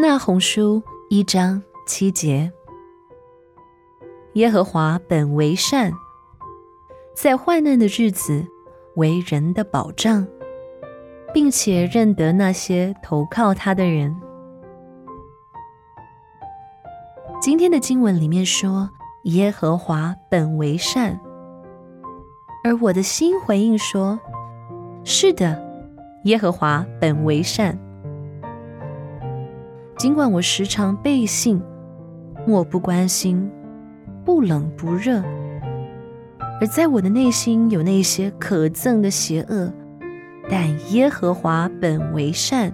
那鴻書一章七節：“耶和華本為善，在患難的日子為人的保障，並且認得那些投靠他的人。”今天的經文裡面說：“耶和華本為善。”而我的心回應說：“是的，耶和華本為善。”儘管我時常背信，漠不關心，不冷不熱，而在我的內心有那些可憎的邪惡，但耶和華本為善，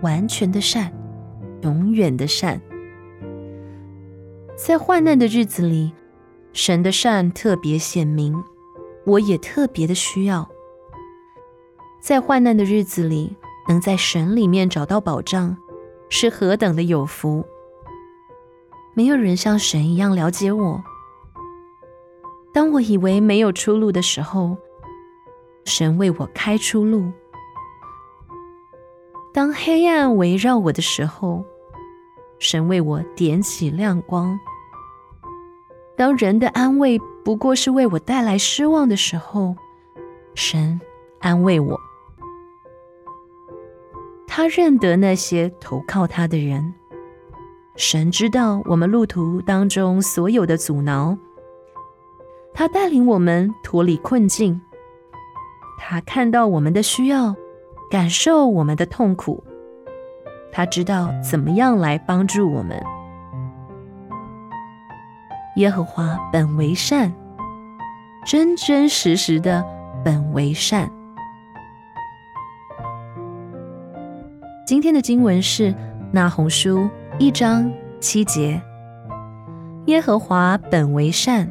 完全的善，永遠的善。在患難的日子裡，神的善特別顯明，我也特別的需要。在患難的日子裡，能在神裡面找到保障。是何等的有福？沒有人像神一樣了解我。當我以為沒有出路的時候，神為我開出路。當黑暗圍繞我的時候，神為我點起亮光。當人的安慰不過是為我帶來失望的時候，神安慰我。他認得那些投靠他的人。神知道我們路途當中所有的阻撓，他帶領我們脫離困境。他看到我們的需要，感受我們的痛苦，他知道怎麼樣來幫助我們。耶和華本為善，真真實實的本為善。今天的經文是《拿鴻書》一章七節：“耶和華本為善，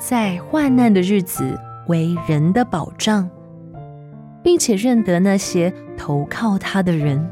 在患難的日子為人的保障，並且認得那些投靠他的人。”